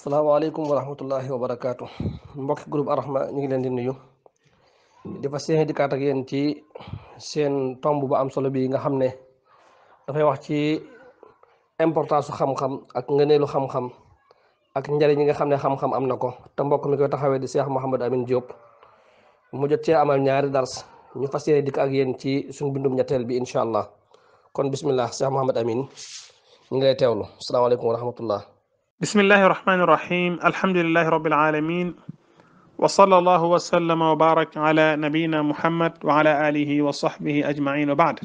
Assalamualaikum warahmatullahi wabarakatuh. wa Grup Arahma ñu ngi leen di nuyu di fas di dikkaat ak yeen ci seen tomb bu am solo bi nga xamné da fay wax ci importance xam-xam ak ngëneelu xam-xam ak njëriñ ñi nga xamné xam-xam am nako ta mbokk mi ko taxawé di Cheikh amin Diop mu jot ci amal ñaari dars ñu fas di dikk ak yeen ci sun bindum ñettel bi inshallah kon bismillah Cheikh Muhammad Amin. ñu ngi lay tewlu assalamualaikum warahmatullahi بسم الله الرحمن الرحيم الحمد لله رب العالمين وصلى الله وسلم وبارك على نبينا محمد وعلى آله وصحبه أجمعين وبعد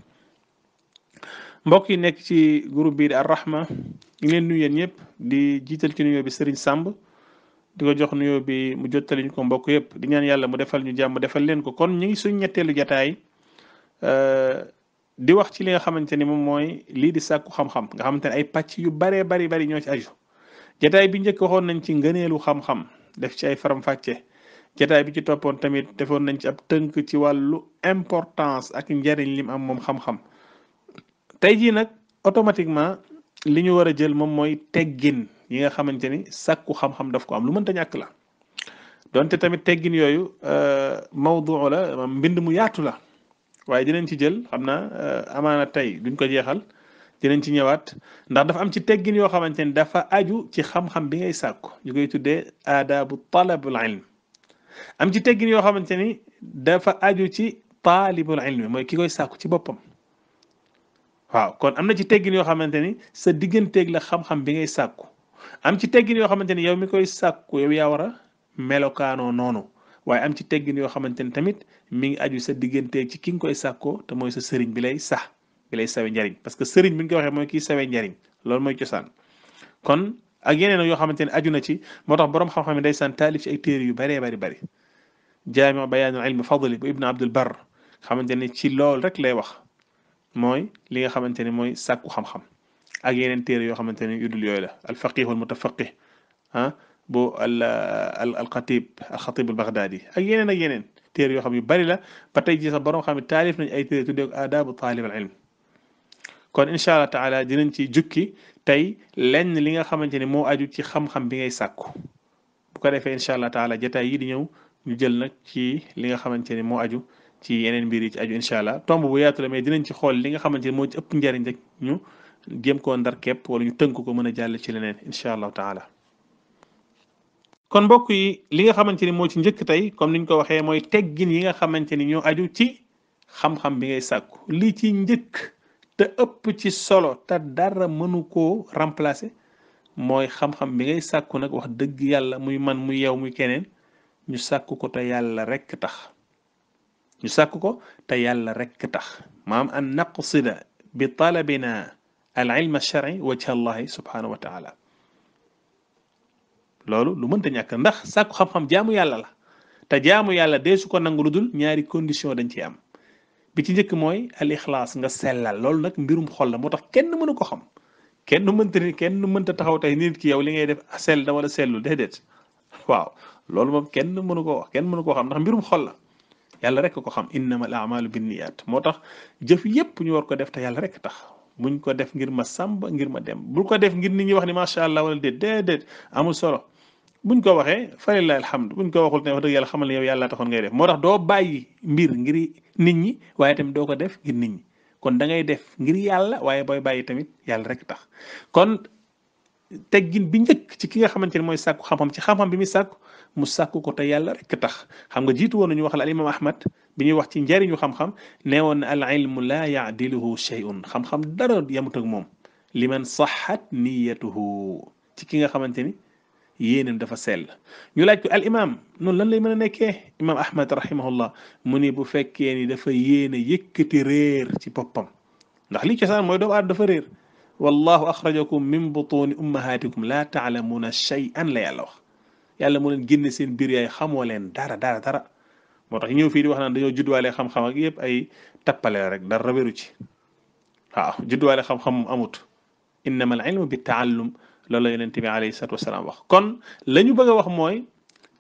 بوكي نكتي جروب بير الرحمة إلين نيو ينيب دي جيتل كنيو بسرين سامب ديغو جوخ نيو بي مجوتة لنكم بوكو يب دي نيان يالا مدفل نيو جام مدفل لنكو كون نيو سوين يتلو جتاي دي وقت لين خمانتني مموي لي دي ساكو خم خم خمانتني أي باتي يو باري باري باري نيوش أجو jataay bi njëkk waxoon nañ ci ngëneelu xam-xam def ci ay faram-fàcce jataay bi ci toppoon tamit defoon nañ ci ab tënk ci wàllu importance ak njariñ lim am moom xam-xam tey jii nag automatiquement li ñu war a jël moom mooy teggin yi nga xamante ni sàkku xam-xam daf ko am lu mënta ñàkk la donte tamit teggin yooyu euh, mawdu la mbind mu yaatu la waaye dinañ ci jël xam naa euh, amaana tey duñ ko jeexal dinañ ci ñëwaat ndax dafa am ci teggin yoo xamante ni dafa aju ci xam-xam bi ngay sàkku ñu koy tuddee aadaabu talabul ilm am ci teggin yoo xamante ni dafa aju ci taalibul ilmi mooy ki koy sàkku ci boppam waaw kon am na ci teggin yoo xamante ni sa digganteeg la xam-xam bi ngay sàkku am ci teggin yoo xamante ni yow mi koy sàkku yow yaa war a melokaanoo noonu waaye am ci teggin yoo xamante ni tamit mi ngi aju sa digganteeg ci ki nga koy sàkkoo te mooy sa sëriñ bi lay sax ki lay sawe njariñ parce que sëriñ buñ ko waxee mooy kii sawe njariñ loolu mooy cosaan kon ak yeneen yoo xamante ne aju na ci moo tax borom xam-xam yi ndeysaan taalif ci ay téere yu bëree bari bëri jaami bayaanul ilmi fadli bu ibnu abdul bar xamante ne ci loolu rek lay wax mooy li nga xamante ne mooy sàkku xam-xam ak yeneen téere yoo xamante ne yu dul yooyu la al faqih al mutafaqih ah bu al al al khatib al xatib al baghdadi ak yeneen ak yeneen téere yoo xam yu bari la ba tey ji sax borom xam ne taalif nañ ay téere tuddee ko aadaabu taalib al ilm kon incha allah taala dinañ ci jukki tey lenn li nga xamante ni moo aju ci xam-xam bi ngay sàkku bu ko defee incha allah taala jotaay yi di ñëw ñu jël nag ci li nga xamante ni moo aju ci yeneen mbir yi ci incha allah tomb bu yaatu dinañ ci xool li nga xamante ni moo ci ëpp njariñ ñu jéem koo ndar képp wala ñu tënku ko mën a jàll ci leneen incha allah taala kon mbokk yi li nga xamante ni moo ci njëkk tey comme niñ ko waxee mooy teggin yi nga xamante ni ñoo aju ci xam-xam bi ngay sàkku lii ci njëkk. te ëpp ci solo te dara mënu koo remplacer mooy xam-xam bi ngay sàkku nag wax dëgg yàlla muy man muy yow muy keneen ñu sàkku ko te yàlla rekk tax ñu sàkku ko te yàlla rekk tax maam an naqsida bi talabina al ilm shar'i wajha allahi subhanahu wa taala loolu lu mënta ñàkk ndax sàkku xam-xam jaamu yàlla la te jaamu yàlla dee su ko nangu lu dul ñaari condition dañ ci am bi ci njëkk mooy al ixlaas nga sellal loolu nag mbirum xol la moo tax kenn mënu ko xam kenn mënta ni kenn mënta taxaw tey nit ki yow li ngay def ah, sell na wala sellul déedéet waaw loolu moom kenn mënu ko kenn mënu koo xam ndax mbirum xol la yàlla rek ko xam laa al amalu yaat moo tax jëf yëpp ñu war ko def te yàlla rek tax buñ ko def ngir ma sàmba ngir ma dem bul ko def ngir ni ñi wax ni macha allah wala déet déedéet amul solo buñ ko waxee falilahi alhamdu buñ ko waxul ne yàlla xamal ne yow yàlla taxoon ngay def moo tax doo bàyyi mbir ngir nit ñi waaye tamit doo ko def ngir nit ñi kon da def ngir yàlla waaye booy bàyyi tamit yàlla rek tax kon teggin bi ci ki nga xamante ne mooy sakk xam-xam ci xam bi muy sàkku mu sàkku ko te yàlla rek tax xam nga jiitu woon nañu wax la al imam ahmad bi ñuy wax ci njariñu xam-xam nee woon na al ilmu laa yaadiluhu shay'un xam-xam dara yamut ak moom liman saxat niyatuhu ci ki nga xamante ni yéeneem dafa sell ñu laaj ko al imam noonu lan lay mën a nekkee imam ahmad rahimahullah mu ni bu fekkee ni dafa yéene yëkkati réer ci boppam ndax li cosaan mooy doomu aadama dafa réer wallahu axrajakum min butuuni ummahatikum laa taalamuuna shay'an la yàlla wax yàlla mu leen génne seen biir yaay xamoo leen dara dara dara moo tax ñëw fii di wax naan dañoo juddwaale xam-xam ak yëpp ay tappale rek dara wéru ci waaw juddwaale xam-xam amut innama al ilmu bi taallum loolu la yonent bi alayhi salatu wasalaam wax kon la ñu bëgg a wax mooy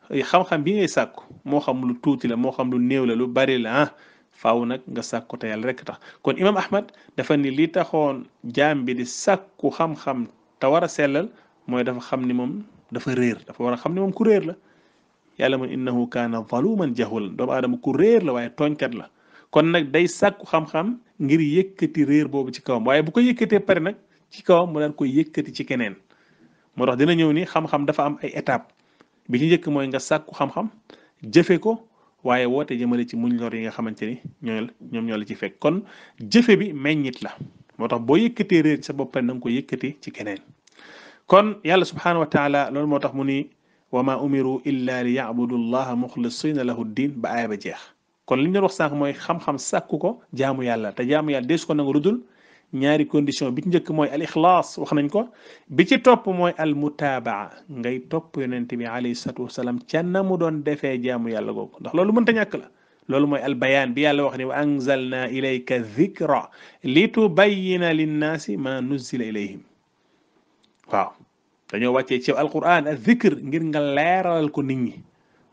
xam-xam bi ngay sàkku moo xam lu tuuti la moo xam lu néew la lu bari la ah faaw nag nga sàkku tayal rek tax kon imam ahmad dafa ni li taxoon jaam bi di sàkku xam-xam te war a sellal mooy dafa xam ni moom dafa réer dafa war a xam ni moom ku réer la yàlla man innahu kaana valuman jahulan doomu aadama ku réer la waaye tooñkat la kon nag day sàkku xam-xam ngir yëkkati réer boobu ci kawam waaye bu ko yëkkatee pare nag ci kawam mu daan koy yëkkati ci keneen moo tax dina ñëw ni xam-xam dafa am ay étape bi ñu njëkk mooy nga sàkku xam-xam jëfe ko waaye woote jëmale ci muñ lor yi nga xamante ni ñoo ñoom ñoo la ci fekk kon jëfe bi meññit la moo tax boo yëkkatee réer sa bopp na nga ko yëkkati ci keneen kon yàlla subhanahu wa taala loolu moo tax mu ni wa ma umiru illa li yabudu llaha muxlisina lahu ddin ba aaya ba jeex kon li ñu doon wax sànq mooy xam-xam sàkku ko jaamu yàlla te jaamu yàlla des ko nangu lu dul ñaari condition bi ci njëkk mooy al ixlaas wax nañ ko bi ci topp mooy al mutaabaa ngay topp yonent bi alayhi salatu wasalaam ca na mu doon defee jaamu yàlla googu ndax loolu mënta ñàkk la loolu mooy al bayaan bi yàlla wax ni wa anzalna ilayka dhikra li tubayyina linnaasi ma nuzila ilayhim waaw dañoo wàccee ci al quran al dhikr ngir nga leeralal ko nit ñi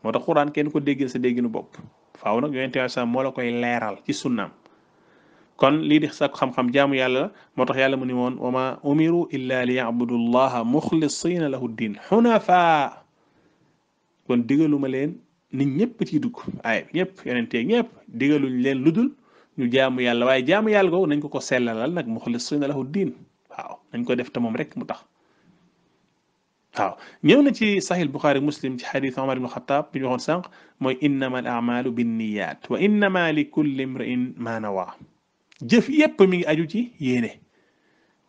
moo tax quran kenn ko déggil sa dégginu bopp faaw nag yonent bi moo la koy leeral ci sunnaam kon li di sax xam xam-xam jaamu yàlla la moo yàlla mu ni woon wa umiru illa li yabudu llaha muxlisina lahu ddin hunafa kon digeluma len nit ñëpp ci dug ay ñëpp yonentee ñëpp digeluñ len luddul ñu jaamu yàlla way jaamu yàlla go nañ ko ko sellalal nak mukhlisina lahu ddin waaw nañ ko def ta mom rek mu waaw ñëw na ci sahih bukhari muslim ci hadith umar ibn khattab bi ñu xon sank moy innamal amalu binniyat wa innamal likulli imrin ma nawaa jëf yépp mi ngi aju ci yéene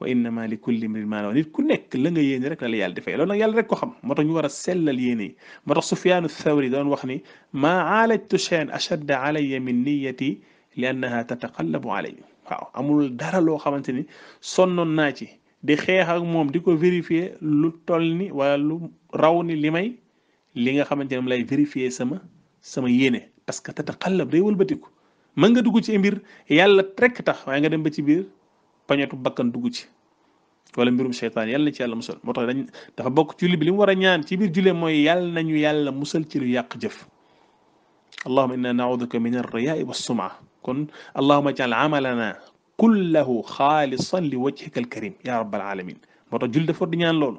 wa innama li kulli mri maa nit ku nekk la nga yéene rek la la yàlla di fay loolu nag yàlla rek ko xam moo tax ñu war a sellal yéene yi moo tax sufiyaanu thawri doon wax ni maa aalajtu cheyan ashadda alayya min niyati li annaha tataqallabu alay waaw amul dara loo xamante ni sonnoon naa ci di xeex ak moom di ko vérifier lu toll ni wala lu raw ni li may li nga xamante ne lay vérifier sama sama yéene parce que tataqallab day wëlbatiku man nga dugg ci mbir yàlla rek tax waaye nga dem ba ci biir pañatu bakkan dugg ci wala mbirum seytaan yàlla na ci yàlla musal moo tax dañ dafa bokk julli bi li mu war a ñaan ci biir jullee mooy yàlla nañu yàlla musal ci lu yàq jëf اللهم إنا نعوذ بك من الرياء والسمعة كن اللهم اجعل عملنا كله خالصا لوجهك الكريم يا رب العالمين موتا جول دافور دي ñaan lool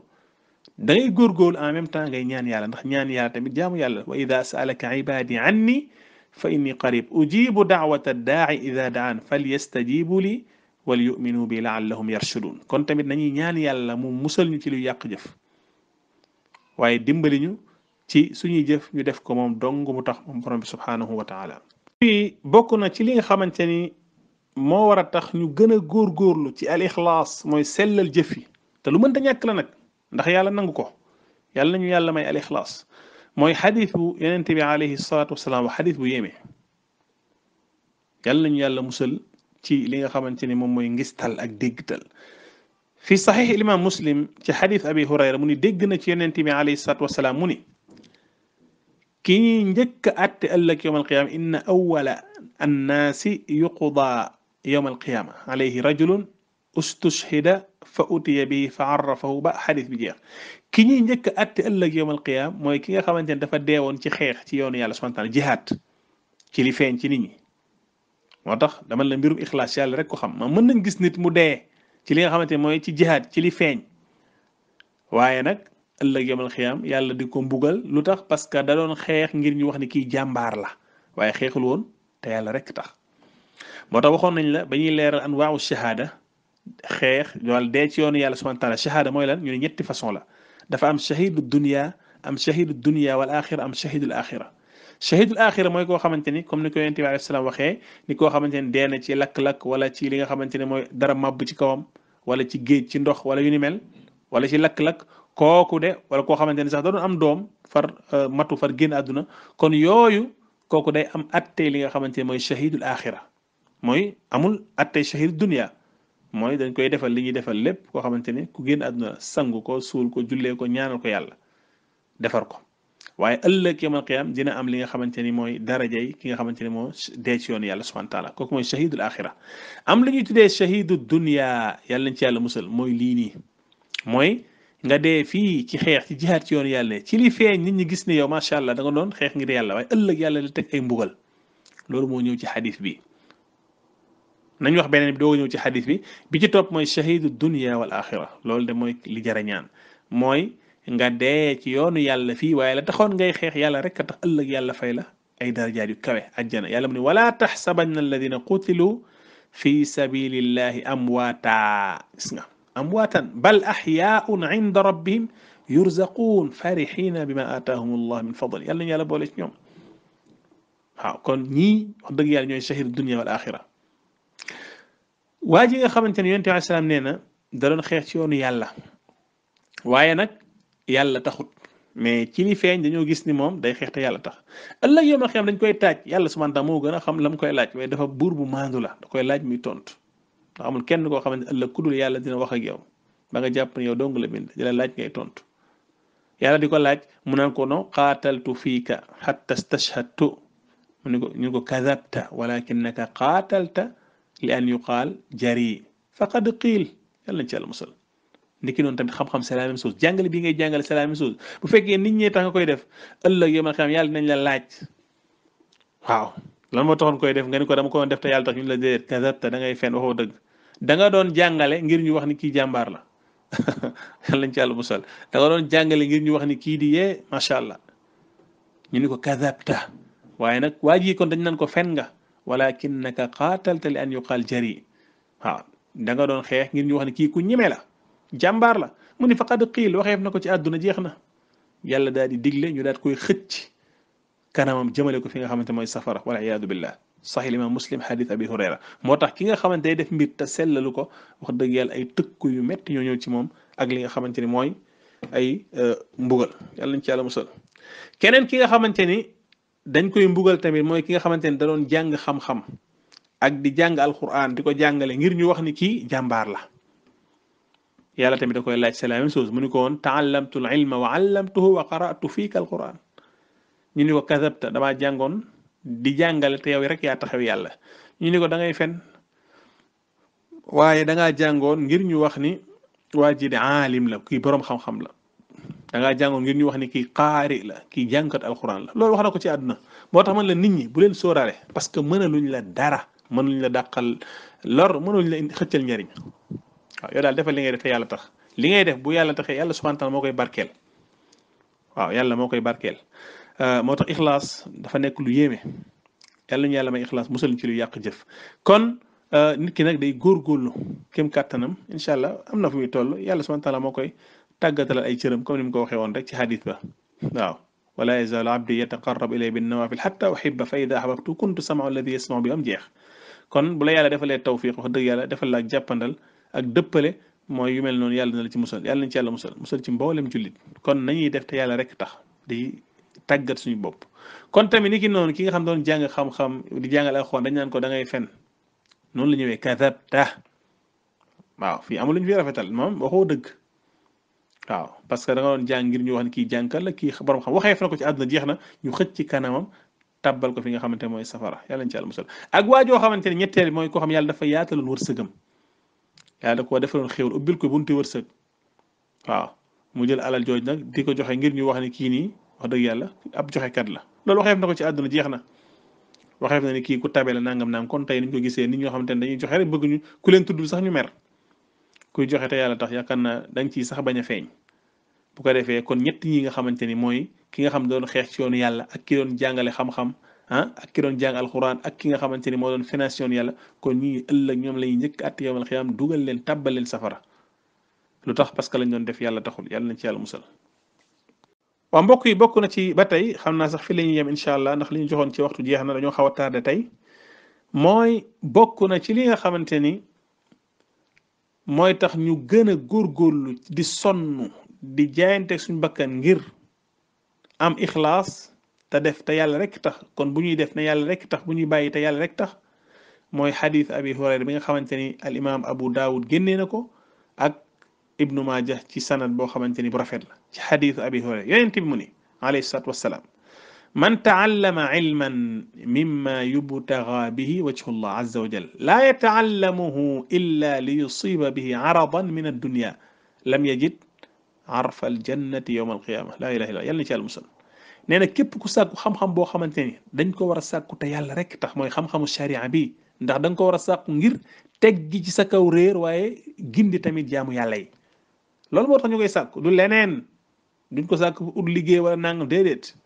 da ngay gorgol en même temps ngay ñaan yalla ndax ñaan yalla tamit jaamu yalla wa idha sa'alaka ibadi anni فإني قريب أجيب دعوة الداعي إذا دعان فليستجيبوا لي وليؤمنوا بي لعلهم يرشدون كنت من نجي نيان يالا مو مسل نجي لو يق جف وي دمبلي نيو تي سني جف نيو دف كموم دونغ متخ مبرم سبحانه وتعالى في بوكونا تي لين خمانتني مو ورا تخ نيو غنى غور غور لو تي الإخلاص موي سلل جفي تلو من تنياك لنك ndax yalla nangu ko yalla nañu yalla may al ikhlas mooy xadiisu yonent bi alayhi salaatu wasalaam xadiis bu yéeme yàlla ñu yàlla musal ci li nga xamante ni moom mooy ngistal ak déggtal fi saxiix imaam muslim ci xadiis abi hurayra mu ni dégg na ci yonent bi alayhi salaatu wasalaam mu ni ki ñuy njëkk atte ëllëg yowm alqiyaama inna awwala annaasi yuqdaa yowm alqiyaama alayhi rajulun ustushhida fa utiya bihi fa arrafahu ba xadiis bi jeex ki ñuy njëkk atte ëllëg yowmal qiyam mooy ki nga xamante ne dafa deewoon ci xeex ci yoonu yàlla subhanahu taala jihaat ci li feeñ ci nit ñi moo tax dama la mbirum ixlaas yàlla rek ko xam ma mën nañ gis nit mu dee ci li nga xamante ne mooy ci jihaat ci li feeñ waaye nag ëllëg yowmal qiyam yàlla di ko mbugal lu tax parce que da doon xeex ngir ñu wax ni kii jàmbaar la waaye xeexul woon te yàlla rek tax moo tax waxoon nañ la ba ñuy leeral anwaawu shahada xeex wala dee ci yoonu yàlla subhanahu taala shahada mooy lan ñu ne ñetti façon la dafa am shahidu dunia am shahidu dunia wal axira am shahidu axira shahidul axira mooy koo xamante ni comme ni ko yonent bi alayhi salaam waxee ni koo xamante ni dee na ci lakk-lakk wala ci li nga xamante ne mooy dara màbb ci kawam wala ci géej ci ndox wala yu ni mel wala ci lakk-lakk kooku de wala koo xamante ni sax da doon am doom far matu far génn àdduna kon yooyu kooku day am attey li nga xamante ni mooy shahidul axira mooy amul attey shahid dunia mooy dañ koy defal li ñuy defal lépp koo xamante ne ku génn àdduna sangu ko suul ko jullee ko ñaanal ko yàlla defar ko waaye ëllëg yamal qiyaam dina am li nga xamante ni mooy darajay ki nga xamante ni moo dee ci yoon yàlla subhana taala kooku mooy shahidul axira la ñuy tuddee shahidu dunia yàlla nañ ci yàlla musal mooy lii nii mooy nga dee fii ci xeex ci jihaat ci yoon yàlla ci li feeñ nit ñi gis ne yow macha allah da nga doon xeex ngir yàlla waaye ëllëg yàlla la teg ay mbugal loolu moo ñëw ci xadis bi nañ wax benen bi doo ñëw ci hadith bi bi ci top moy shahidu dunya wal akhirah lol de moy li jara ñaan moy nga de ci yoonu yàlla fi way la taxon ngay xex yàlla rek tax ëlëk yàlla fay la ay daraja yu kawe aljana yàlla mu wala tahsabanna alladhina qutilu fi sabilillahi amwata gis nga amwatan bal ahya'un inda rabbihim yurzaqun farixina bima aataahum allah min fadl yàlla ñala bolé ci ñom waaw kon ñi wax deug yàlla ñoy shahidu dunya wal akhirah waa ji nga xamante ne yonent bi alayhi nee na da xeex ci yoonu yàlla waaye nag yàlla taxut mais ci li feeñ dañoo gis ni moom day xeex te yàlla tax ëllëg yow a xam dañ koy taaj yàlla subhaanahu wa taala moo gën a xam la mu koy laaj waaye dafa buur bu maandu la koy laaj muy tontu ndax amul kenn koo xamante ëllëg ku dul yàlla dina wax ak yow ba nga jàpp ne yow dong la bind di laaj ngay yàlla di ko laaj mu naan ko no qaataltu fiika hatta stashhadtu mu ni ko ñu ko kazabta walakinnaka qaatalta li an yuqaal jari faqad qiil yàlla nañ ci yàlla musal niki noonu tamit xam-xam c'est la jàngale bi ngay jàngale c'est la même bu fekkee nit ñee tax nga koy def ëllëg yomal xam yàlla nañ la laaj waaw lan moo koy def nga ni ko dama ko def te yàlla tax ñu la déet kazabta da ngay fen waxoo dëgg da doon jàngale ngir ñu wax ni kii jàmbaar la yàlla nañ ci yàlla musal da nga doon jàngale ngir ñu wax ni kii di yee macha allah ñu ni ko kazabta waaye nag waa ji kon dañ nan ko fen nga ولكنك قاتلت لان يقال جري ها دا نغا دون خيخ غير نيو خاني كي كو نيمي لا جامبار لا موني فقد قيل وخيف نكو سي ادنا جيخنا يالا دادي ديغلي ني دات كوي خيتش كانامام جمالي كو فيغا خامتاني موي سفر ولا عياذ بالله صحيح الامام مسلم حديث ابي هريره موتاخ كيغا خامتاني ديف ميت تسللوكو واخ دغ يال اي تكو يو ميت نيو نيو سي موم اك ليغا خامتاني موي اي مبوغل يالا نتي يالا مسل كينن كيغا خامتاني dañ koy mbugal tamit mooy ki nga xamante ne da doon jàng xam-xam ak di jàng alquran di ko jàngale ngir ñu wax ni kii jàmbaar la yàlla tamit da koy laaj c'est la même mu ni ko woon taallamtu l ilma wa allamtuhu wa qaratu fiika alquran ñu ni ko kasabta damaa jàngoon di jàngale te yow rek yaa taxaw yàlla ñu ni ko dangay ngay fen waaye danga ngaa jàngoon ngir ñu wax ni waa ji de aalim la kii boroom xam-xam la da ngaa jàngoon ngir ñu wax ni kii xaari la kii jàngkat alxuraan la loolu wax na ko ci àdduna moo tax man la nit ñi bu leen sóoraale parce que a mënaluñ la dara mënuñ la dàqal lor mënuñ la xëccal njariñ waaw yow daal defal li ngay def te yàlla tax li ngay def bu yàlla taxee yàlla subhaana moo koy barkeel waaw yàlla moo koy barkeel euh, moo tax ixlaas dafa nekk lu yéeme yàlla ñu yàlla may ixlaas musal ci lu yàq jëf kon euh, nit ki nag day lu kéem kàttanam incha allah am na fu muy toll yàlla subhaana taala moo tàggatalal ay cëram comme ni mu ko waxee woon rek ci xadis ba waaw wala yazaalu abdi yataqarrab ilay bin nawafil xata uhibba fa ida ahbabtu kuntu samau alladi yasmau bi am jeex kon bu la yàlla defalee tawfiq wax dëgg yàlla defal la ak jàppandal ak dëppale mooy yu mel noonu yàlla na la ci musal yàlla nañ ci yàlla musal musal ci mboolem jullit kon nañuy def te yàlla rek tax di tàggat suñu bopp kon tamit ni ki noonu ki nga xam doon jàng xam-xam di jàngal alxuraan dañ naan ko da ngay fen noonu la ñëwee kadabta waaw fii amul lu ñu fi rafetal moom waxoo dëgg waaw parce que da nga doon jàng ngir ñu wax ne kii jànkal la kii borom xam waxee fa na ko ci ko fi nga xamante mooy safara yàlla nañ ci yàlla xamante ne ñetteel mooy koo xam yàlla dafa yaataloon wërsëgam yàlla da koo defaloon xéwal ubbil ko bunti wërsëg waaw mu jël alal jooj nag di ko joxe ngir ñu wax ne kii nii wax dëgg yàlla ab joxekat la loolu waxeef na ko ci àdduna jeex na waxeef na ne kii ku tabe la nangam nangam kon tey niñ ko gisee ni ñoo xamante ne dañuy joxe rek bëgg ñu ku leen tuddul sax ñu mer kuy joxe ta yàlla tax yaakaar naa da nga ciy sax bañ a feeñ bu ko defee kon ñett ñi nga xamante ni mooy ki nga xam doon xeex ci yoonu yàlla ak ki doon jàngale xam-xam ah ak ki doon jàng alxuraan ak ki nga xamante ni moo doon finance yoonu yàlla kon ñii ëllëg ñoom la ñuy njëkk àtt yawmal xiyaam dugal leen tàbbal leen safara lu tax parce que lañ doon def yàlla taxul yàlla nañ ci yàlla musal. waaw mbokk yi bokk na ci ba tey xam naa sax fi la ñuy yem incha allah ndax li ñu joxoon ci waxtu jeex na dañoo xaw a tardé tey mooy bokk na ci li nga xamante ni moy tax ñu gën a góorgóorlu di sonn di jaayante suñu bakkan ngir am ikhlas ta def ta yàlla rek tax kon bu ñuy def na yàlla rek tax bu ñuy bàyyi ta yàlla rek tax moy hadith abi hurayra bi nga xamanteni al imam abu daud genné nako ak ibnu majah ci sanad bo xamanteni ni bu rafet la ci hadith abi hurayra yonent bi mu alayhi salatu wassalam من تعلم علما مما يبتغى به وجه الله عز وجل لا يتعلمه إلا ليصيب به عرضا من الدنيا لم يجد عرف الجنة يوم القيامة لا إله إلا يلا نشال المسلم نحن كيب كساك خم خم بو خم انتيني دن كو ورساك تيال رك تخموي خم خم الشريعة بي ندخ دن كو ورساك نغير تجي جسك ورير وي جند تميد جامو يالي لول موتا نيوكي ساك دو لنين دن كو ساك ادلغي ورنان ديدت دي.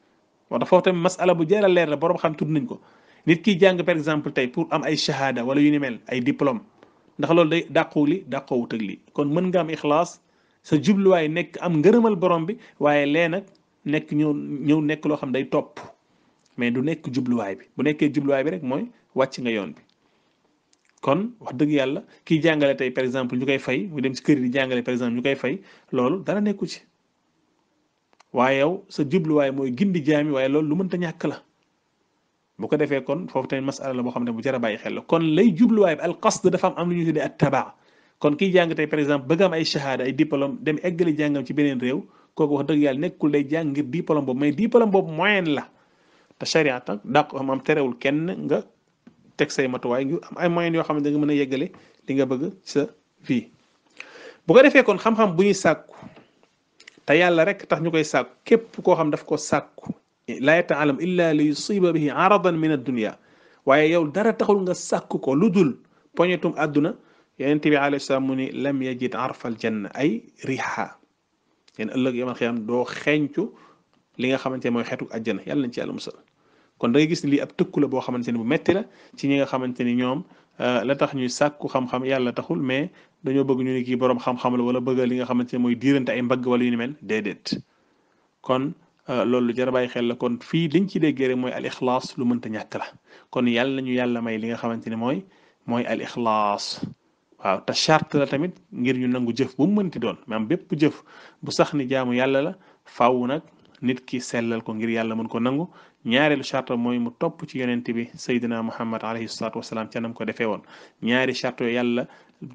moo tax foofu tamit masala bu jëral leer la borom xam tudd nañ ko nit ki jàng par exemple tey pour am ay shahada wala yu ni mel ay diplôme ndax loolu day dàqu li dàqoo wut ak kon mën nga am ixlaas sa jubluwaay nekk am ngërëmal borom bi waaye lee nag nekk ñëw ñëw nekk loo xam day topp mais du nekk jubluwaay bi bu nekkee jubluwaay bi rek mooy wàcc nga yoon bi kon wax dëgg yàlla kiy jàngale tey par exemple ñu koy fay mu dem si kër yi di jàngale par exemple ñu koy fay loolu dara nekku ci waaye yow sa jubluwaay mooy gindi jaami waaye loolu lu mënta ñàkk la bu ko defee kon foofu tamit masala la boo xam ne bu jar a bàyyi xel la kon lay jubluwaay bi al qasd dafa am am lu ñuy tuddee at tabaa kon kiy jàng tey par exemple bëgg am ay shahada ay diplôme dem eggali jàngam ci beneen réew kooku wax dëgg yàlla nekkul day jàng ngir diplôme boobu mais diplôme boobu moyen la te charia tak dàq am am terewul kenn nga teg say matuwaay ngir am ay moyen yoo xam ne da nga mën a yeggale li nga bëgg sa vie bu ko defee kon xam-xam bu ñuy sàkku te yàlla rek tax ñu koy sàkku képp koo xam daf ko sàkku laa yata'alam illa li yusiba bihi aradan min ad-dunya waye yow dara taxul nga sàkk ko ludul dul poñetum àdduna yonent bi alayhi salam ni lam yajid arfa al janna ay riha yen ëllëg yama xiyam do xéñcu li nga xamante moy mooy aljanna yàlla nañ ci yàlla musal kon da nga gis ni lii ab tekkula bo boo xamante ne bu metti la ci ñi nga xamante ni ñoom la tax ñuy sàkku xam-xam yàlla taxul mais dañu bëgg ñu ni ki borom xam-xam la wala bëgg li nga xamante moy diirante ay mbag wala yu ni mel dedet kon loolu lu jar a xel la kon fi liñ ci déggéré moy al ikhlas lu mënta ñak la kon yàlla ñu yàlla may li nga xamante moy moy al ikhlas waaw ta charte la tamit ngir ñu nangu jëf bu mënti doon même bépp jëf bu sax ni jaamu yàlla la faaw nak nit ki sellal ko ngir yàlla mën ko nangu ñaareelu charte mooy mu topp ci yonent bi saydina muhammad alayhi salaatu wasalaam ca nam ko defee woon ñaari charte yàlla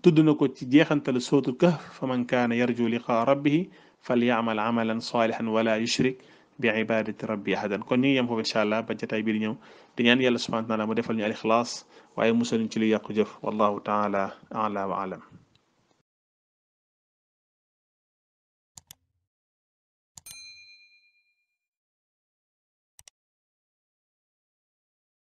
tudd na ko ci jeexantal sootul kahf fa man kaana yarju liqaa rabbihi fal yaamal amalan saalihan wala yushrik bi ibadati rabbi ahadan kon ñu ngi yem foofu incha allah ba jotaay bi di ñëw mu defal ñu al ixlaas waaye musaluñ ci lu yàqu jëf wallahu wa alam